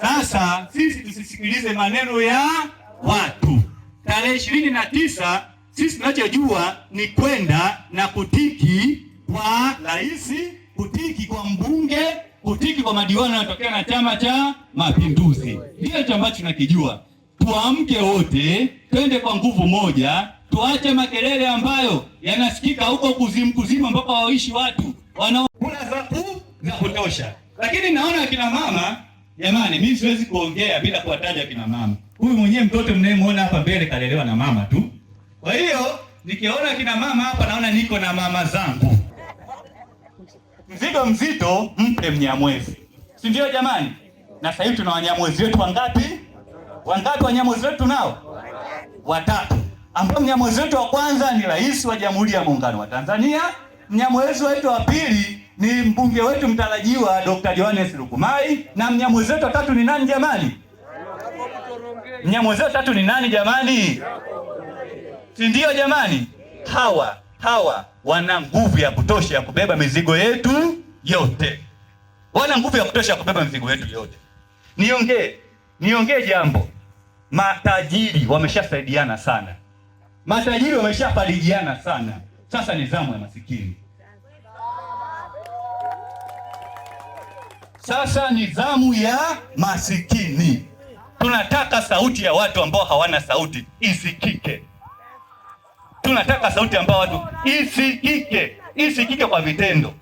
Sasa sisi tusisikilize maneno ya watu. Tarehe ishirini na tisa sisi tunachojua ni kwenda na kutiki kwa rais, kutiki kwa mbunge, kutiki kwa madiwani yanayotokea na Chama cha Mapinduzi. Ndiyo hicho ambacho tunakijua. Tuamke wote, twende kwa nguvu moja, tuache makelele ambayo yanasikika huko kuzimu kuzimu, ambapo hawaishi watu wanaokula za kutosha. Lakini naona akina mama Jamani, mimi siwezi kuongea bila kuwataja kina mama. Huyu mwenyewe mtoto mnayemwona hapa mbele kalelewa na mama tu. Kwa hiyo nikiona kina mama hapa, naona niko na mama zangu. Mzigo mzito mpe Mnyamwezi, si ndio jamani? Na sasa hivi tuna Wanyamwezi wetu wangapi? Wangapi Wanyamwezi wetu nao? Watatu, ambao Mnyamwezi wetu wa kwanza ni Rais wa Jamhuri ya Muungano wa Tanzania. Mnyamwezi wetu wa pili ni mbunge wetu mtarajiwa Dr. Johannes Lukumai na wetu tatu ni nani jamani? wetu tatu ni nani jamani? Si ndio jamani? Hawa hawa wana nguvu ya kutosha ya kubeba mizigo yetu yote, wana nguvu ya kutosha ya kubeba mizigo yetu yote. Niongee niongee jambo, matajiri wameshasaidiana sana, matajiri wameshafarijiana sana, sasa ni zamu ya masikini. Sasa ni nidhamu ya masikini, tunataka sauti ya watu ambao hawana sauti isikike. Tunataka sauti ambao watu isikike, isikike kwa vitendo.